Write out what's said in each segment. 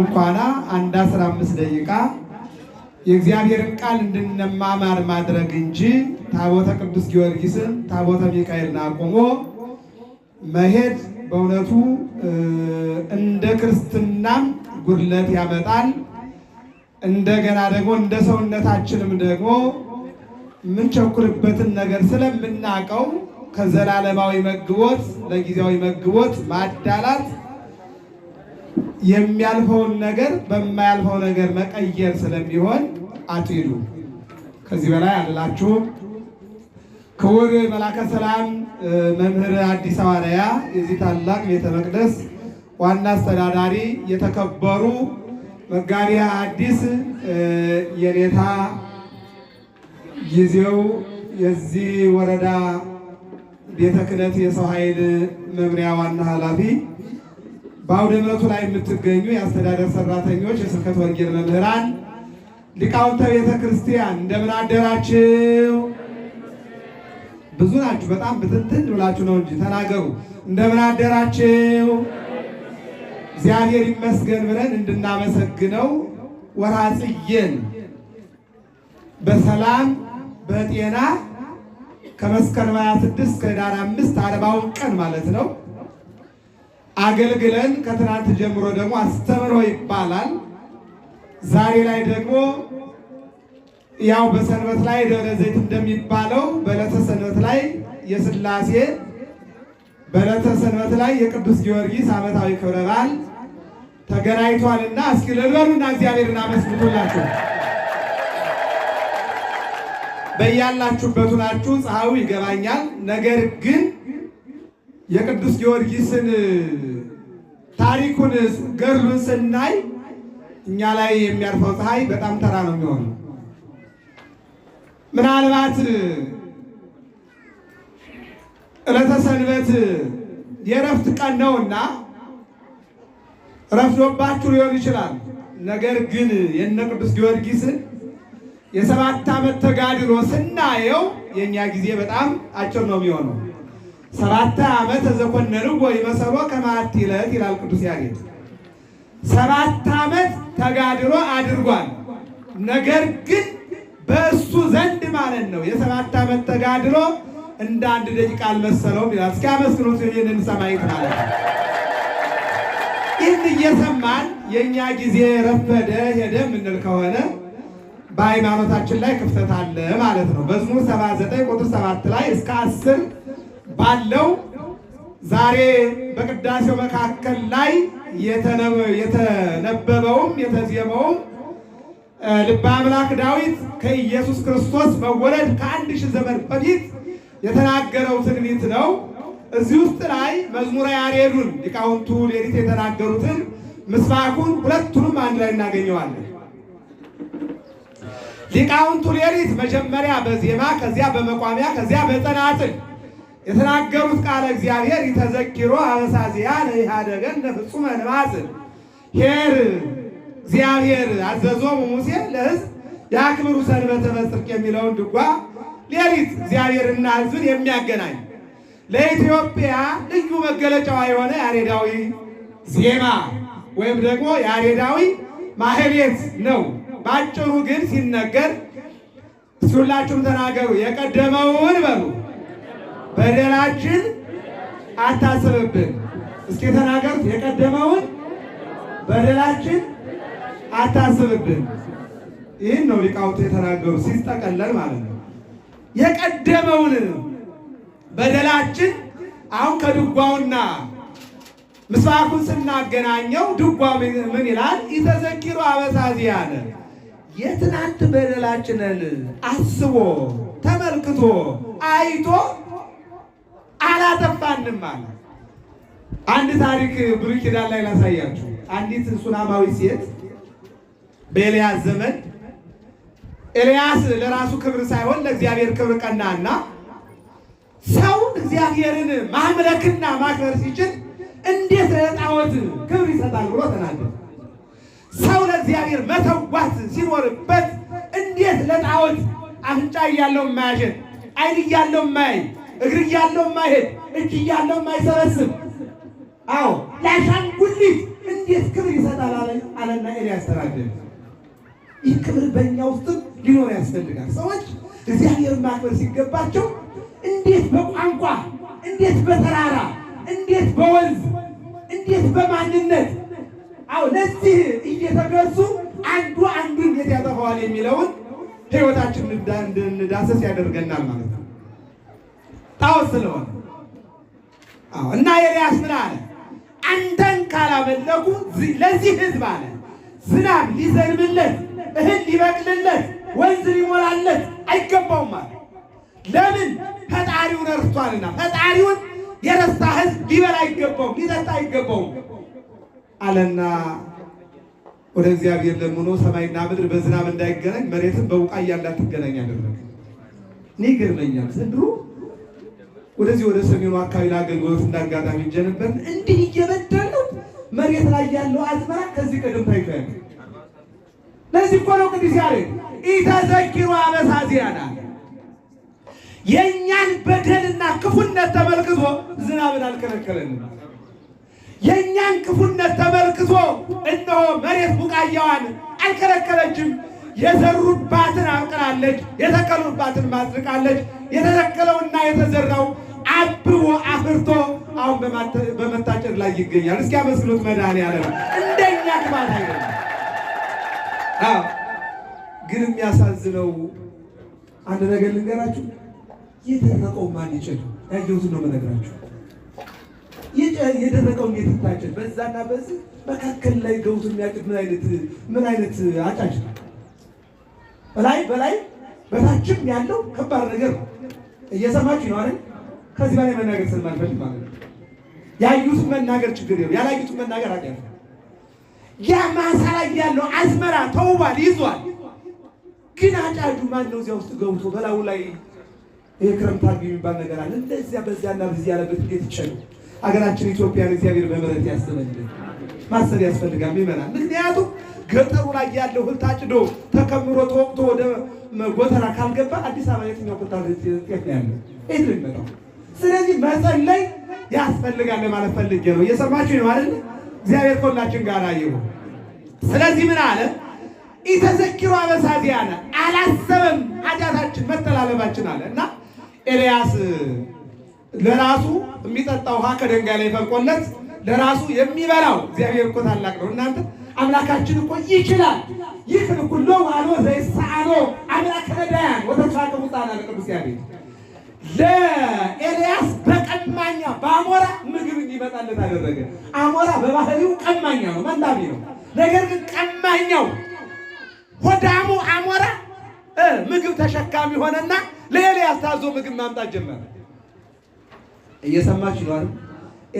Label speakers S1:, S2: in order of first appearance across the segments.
S1: እንኳና አንድ 15 ደቂቃ የእግዚአብሔርን ቃል እንድንማማር ማድረግ እንጂ ታቦተ ቅዱስ ጊዮርጊስን ታቦተ ሚካኤልን አቁሞ መሄድ በእውነቱ እንደ ክርስትናም ጉድለት ያመጣል። እንደገና ደግሞ እንደ ሰውነታችንም ደግሞ የምንቸኩርበትን ነገር ስለምናቀው ከዘላለማዊ መግቦት ለጊዜያዊ መግቦት ማዳላት የሚያልፈውን ነገር በማያልፈው ነገር መቀየር ስለሚሆን አትሂዱ፣ ከዚህ በላይ አልላችሁም። ክቡር መላከ ሰላም መምህር አዲስ ሐዋርያ የዚህ ታላቅ ቤተ መቅደስ ዋና አስተዳዳሪ፣ የተከበሩ መጋቢ አዲስ የኔታ ጊዜው የዚህ ወረዳ ቤተ ክህነት የሰው ኃይል መምሪያ ዋና ኃላፊ በአውደ ምሕረቱ ላይ የምትገኙ የአስተዳደር ሰራተኞች፣ የስብከተ ወንጌል መምህራን፣ ሊቃውንተ ቤተ ክርስቲያን እንደምን አደራችሁ? ብዙ ናችሁ። በጣም ብትንትን ብላችሁ ነው እንጂ ተናገሩ። እንደምን አደራችሁ? እግዚአብሔር ይመስገን ብለን እንድናመሰግነው ወርኃ ጽጌን በሰላም በጤና ከመስከረም 26 ከኅዳር 5 አርባውን ቀን ማለት ነው አገልግለን ከትናንት ጀምሮ ደግሞ አስተምሮ ይባላል። ዛሬ ላይ ደግሞ ያው በሰንበት ላይ ደብረ ዘይት እንደሚባለው በዕለተ ሰንበት ላይ የሥላሴ በዕለተ ሰንበት ላይ የቅዱስ ጊዮርጊስ ዓመታዊ ክብረ በዓል ተገናኝቷልና እስኪ ልበሉና እግዚአብሔርን አመስግኑላችሁ። በያላችሁበት ሁናችሁ ፀሐዩ ይገባኛል። ነገር ግን የቅዱስ ጊዮርጊስን ታሪኩን ገድሉን ስናይ እኛ ላይ የሚያርፈው ፀሐይ በጣም ተራ ነው የሚሆነ ምናልባት ዕለተ ሰንበት የእረፍት ቀን ነውና ረፍዶባችሁ ሊሆን ይችላል። ነገር ግን የነ ቅዱስ ጊዮርጊስን የሰባት ዓመት ተጋድሎ ስናየው የእኛ ጊዜ በጣም አጭር ነው የሚሆነው። ሰባተ ዓመት ወይ ይመሰሎ ከማት ይለት ይላል ቅዱስ ያሬድ። ሰባት ዓመት ተጋድሮ አድርጓል። ነገር ግን በእሱ ዘንድ ማለት ነው የሰባት ዓመት ተጋድሮ እንደ አንድ ደቂቃ አልመሰለውም ይላል። እስኪ አመስግኖት ይህንን ሰማይት ማለት ነው። ይህን እየሰማን የእኛ ጊዜ ረፈደ ሄደ የምንል ከሆነ በሃይማኖታችን ላይ ክፍተት አለ ማለት ነው። መዝሙር 79 ቁጥር 7 ላይ እስከ 10 ባለው ዛሬ በቅዳሴው መካከል ላይ የተነበበውም የተዜመውም ልበ አምላክ ዳዊት ከኢየሱስ ክርስቶስ መወለድ ከአንድ ሺህ ዘመን በፊት የተናገረው ትንቢት ነው። እዚህ ውስጥ ላይ መዝሙረ ያሬዱን ሊቃውንቱ ሌሊት የተናገሩትን ምስባኩን ሁለቱንም አንድ ላይ እናገኘዋለን። ሊቃውንቱ ሌሊት መጀመሪያ በዜማ ከዚያ በመቋሚያ ከዚያ በጸናጽል የተናገሩት ቃለ እግዚአብሔር ይተዘኪሮ አበሳዚያ ለኢሃደገን ለፍጹመ ንባጽን ሄር እግዚአብሔር አዘዞሙ ሙሴ ለሕዝብ የአክብሩ ሰንበተ በጽድቅ የሚለውን ድጓ ሌሊት እግዚአብሔርና ሕዝብን የሚያገናኝ ለኢትዮጵያ ልዩ መገለጫዋ የሆነ ያሬዳዊ ዜማ ወይም ደግሞ ያሬዳዊ ማህሌት ነው። በአጭሩ ግን ሲነገር እሱላችሁም ተናገሩ፣ የቀደመውን በሉ በደላችን አታስብብን። እስኪ ተናገሩት። የቀደመውን በደላችን አታስብብን። ይህን ነው ሊቃውንቱ የተናገሩ ሲጠቀለል ማለት ነው። የቀደመውን በደላችን አሁን ከድጓውና ምስባኩን ስናገናኘው ድጓ ምን ይላል? ኢተዘኪሩ አበሳዚ ያለ የትናንት በደላችንን አስቦ ተመልክቶ አይቶ አላጠፋንም አለ። አንድ ታሪክ ብሉይ ኪዳን ላይ ላሳያችሁ። አንዲት ሱናማዊ ሴት በኤልያስ ዘመን ኤልያስ ለራሱ ክብር ሳይሆን ለእግዚአብሔር ክብር ቀናና ሰው እግዚአብሔርን ማምለክና ማክበር ሲችል እንዴት ለጣዖት ክብር ይሰጣል ብሎ ተናገረ። ሰው ለእግዚአብሔር መተዋት ሲኖርበት እንዴት ለጣዖት አፍንጫ እያለው የማያሸት ዓይን እያለው የማያይ እግር እያለው ማይሄድ እጅ እያለው ማይሰበስብ አዎ ለአሻንጉሊት እንዴት ክብር ይሰጣል አለና ኤልያስ ተናደደ። ይህ ክብር በእኛ ውስጥም ሊኖር ያስፈልጋል። ሰዎች እግዚአብሔር ማክበር ሲገባቸው እንዴት በቋንቋ እንዴት በተራራ እንዴት በወንዝ እንዴት በማንነት አዎ ለዚህ እየተገዙ አንዱ አንዱ እንዴት ያጠፋዋል የሚለውን ሕይወታችን እንድንዳሰስ ያደርገናል ማለት ነው። ጣዖት ስለሆነ እና ኤልያስ ምን አለ? አንተን ካላመለኩ ለዚህ ህዝብ አለ ዝናብ ሊዘንብለት እህል ሊበቅልለት ወንዝ ሊሞላለት አይገባውም አለ። ለምን? ፈጣሪውን ረስቷልና ፈጣሪውን የረሳ ህዝብ ሊበላ አይገባውም፣ ሊጠጣ አይገባውም አለና ወደ እግዚአብሔር ለምኖ ሰማይና ምድር በዝናብ እንዳይገናኝ መሬትን በቡቃያ እንዳትገናኝ አደረገ። እኔ ይገርመኛል ዘንድሮ ወደዚህ ወደ ሰሜኑ አካባቢ ለአገልግሎት እንዳጋጣሚ ሄጄ ነበር። እንዲህ እየበደለው መሬት ላይ ያለው አዝመራ ከዚህ ቀደም ታይቶ ለዚህ እኮ ነው ቅዱስ ያሬድ ኢተዘኪሩ አበሳዚያና የእኛን በደልና ክፉነት ተመልክቶ ዝናብን አልከለከለንም። የእኛን ክፉነት ተመልክቶ እነሆ መሬት ቡቃያዋን አልከለከለችም። የዘሩባትን አብቅላለች፣ የተከሉባትን ማጽድቃለች። የተተከለውና የተዘራው አብቦ አፍርቶ አሁን በመታጨድ ላይ ይገኛል። እስኪ አመስግኑት መድኃኒዓለም። እንደኛ ክፋት አይ ግን የሚያሳዝነው አንድ ነገር ልንገራችሁ፣ የደረቀው ማን ይጭድ? ያየሁት ነው መነግራችሁ። የደረቀው እንዴት ይታጨድ? በዛና በዚህ መካከል ላይ ገውት የሚያጭድ ምን አይነት ምን አይነት አጫጭ ነው? በላይ በላይ በታችም ያለው ከባድ ነገር ነው። እየሰማችሁ ነው አይደል? ከዚህ በላይ መናገር ስለማንፈልግ ማለት ነው። ያዩትን መናገር ችግር የለም፣ ያላዩትን መናገር አለ። ያ ማሳ ላይ ያለው አዝመራ ተውቧል፣ ይዟል። ግን አጫጁ ማን ነው? እዚያ ውስጥ ገብቶ በላዩ ላይ ይሄ ክረምት አርግ የሚባል ነገር አለ። እንደዚያ በዚያና በዚህ ያለበት እንዴት ይቻሉ? ሀገራችን ኢትዮጵያን እግዚአብሔር በምሕረት ያስበልን። ማሰብ ያስፈልጋል ይመናል። ምክንያቱም ገጠሩ ላይ ያለው እህል ታጭዶ ተከምሮ ተወቅቶ ወደ ጎተራ ካልገባ አዲስ አበባ የትኛው ቁጣ ጤፍ ነው ያለው? ይህ ነው የሚመጣው ስለዚህ መጸለይ ያስፈልጋል ለማለት ፈልጌ ነው። እየሰማችሁ ነው ማለት እግዚአብሔር ከሁላችን ጋር ይሁን። ስለዚህ ምን አለ? ኢተዘኪሩ አበሳዚ አለ አላሰበም ኃጢአታችን መተላለፋችን አለ እና ኤልያስ ለራሱ የሚጠጣ ውሃ ከደንጋይ ላይ ፈልቆለት ለራሱ የሚበላው እግዚአብሔር እኮ ታላቅ ነው። እናንተ አምላካችን እኮ ይችላል። ይህ ሁሉ ዋሎ ዘይሳአሎ አምላክ ረዳያን ወተስፋ ቅቡጣና ቅዱስ ያቤት ለኤልያስ በቀማኛ በአሞራ ምግብ እንዲመጣለት አደረገ። አሞራ በባህሪው ቀማኛ ነው፣ መላቢ ነው። ነገር ግን ቀማኛው ሆዳሙ አሞራ ምግብ ተሸካሚ ሆነና ለኤልያስ ታዞ ምግብ ማምጣት ጀመረ። እየሰማች ይሏል።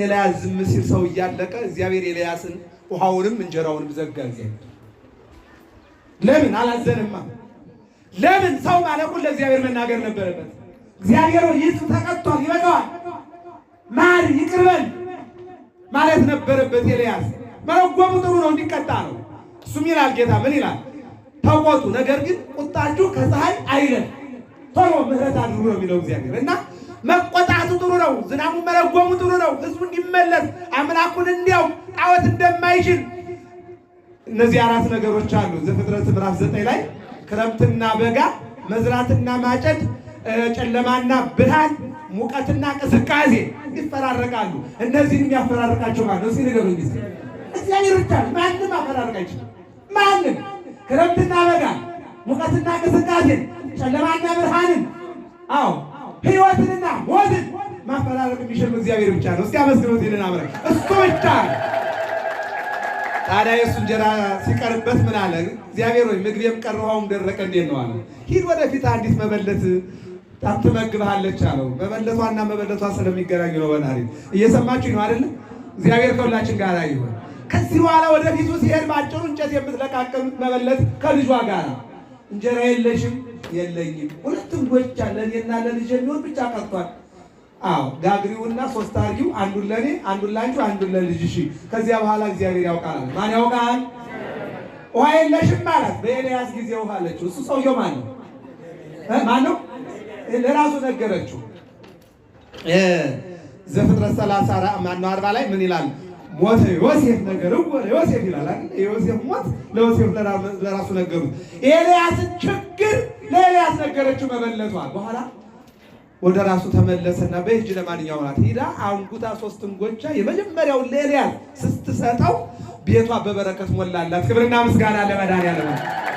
S1: ኤልያስ ዝም ሲል ሰው እያለቀ እግዚአብሔር ኤልያስን ውሃውንም እንጀራውንም ዘጋ። ለምን አላዘንማ? ለምን ሰው ማለቁን ለእግዚአብሔር መናገር ነበረበት። እግዚአብሔር ይህ ተቀጥቷል፣ ይበቃዋል፣ ማር ይቅርበል ማለት ነበረበት። ኤልያስ መረጎሙ ጥሩ ነው፣ እንዲቀጣ ነው። እሱም ይላል ጌታ ምን ይላል? ተቆጡ፣ ነገር ግን ቁጣችሁ ከፀሐይ አይለን፣ ቶሎ ምህረት አድርጉ ነው የሚለው እግዚአብሔር እና መቆጣቱ ጥሩ ነው። ዝናቡ መረጎሙ ጥሩ ነው። ህዝቡ እንዲመለስ አምላኩን እንዲያውቅ ጣዖት እንደማይችል እነዚህ አራት ነገሮች አሉ። ዘፍጥረት ምዕራፍ ዘጠኝ ላይ ክረምትና በጋ፣ መዝራትና ማጨድ ጨለማና ብርሃን፣ ሙቀትና ቅዝቃዜ ይፈራረቃሉ። እነዚህን የሚያፈራርቃቸው ማለት ነው። እስኪ ንገሩኝ ጊዜ እግዚአብሔር ብቻ። ማንም አፈራርቅ አይችልም። ማንም ክረምትና በጋ፣ ሙቀትና ቅዝቃዜ፣ ጨለማና ብርሃንን፣ አዎ ህይወትንና ሞትን ማፈራረቅ የሚችል እግዚአብሔር ብቻ ነው። እስኪ አመስግኑት ይልን አምረ እሱ ብቻ ታዲያ የእሱ እንጀራ ሲቀርበት ምን አለ? እግዚአብሔር ሆይ ምግቤም ቀረ ውሃውም ደረቀ እንዴት ነው አለ። ሂድ ወደፊት አንዲት መበለት ታትመግብሃለች አለው። መበለቷና መበለቷ ስለሚገናኙ ነው። በናሪ እየሰማችሁ ነው አይደለ? እግዚአብሔር ከሁላችን ጋር ይሁን። ከዚህ በኋላ ወደፊቱ ሲሄድ በአጭሩ እንጨት የምትለቃቅም መበለት ከልጇ ጋር እንጀራ የለሽም የለኝም፣ ሁለቱም ጎቻ ለእኔና ለልጅ የሚሆን ብቻ ቀርቷል። አዎ ጋግሪውና ሶስት አርጊው፣ አንዱን ለእኔ አንዱን ላንቺ አንዱን ለልጅ። እሺ ከዚያ በኋላ እግዚአብሔር ያውቃል። ማን ያውቃል? ውሃ የለሽም ማለት በኤልያስ ጊዜ ውሃ አለችው። እሱ ሰውየው ማን ነው? ማን ነው ለራሱ ነገረችው። ዘፍጥረት ማን ነው አርባ ላይ ምን ይላል? ሞተ ዮሴፍ ነገር ዮሴፍ ይላል ዮሴፍ ሞት ለዮሴፍ ለራሱ ነገሩት። ኤልያስን ችግር ለኤልያስ ነገረችው መበለቷል። በኋላ ወደ ራሱ ተመለሰና በእጅ ለማንኛው ናት ሂዳ አንጉታ ሶስት እንጎቻ የመጀመሪያውን ለኤልያስ ስትሰጠው ቤቷ በበረከት ሞላላት። ክብርና ምስጋና ለመድኃኒዓለም።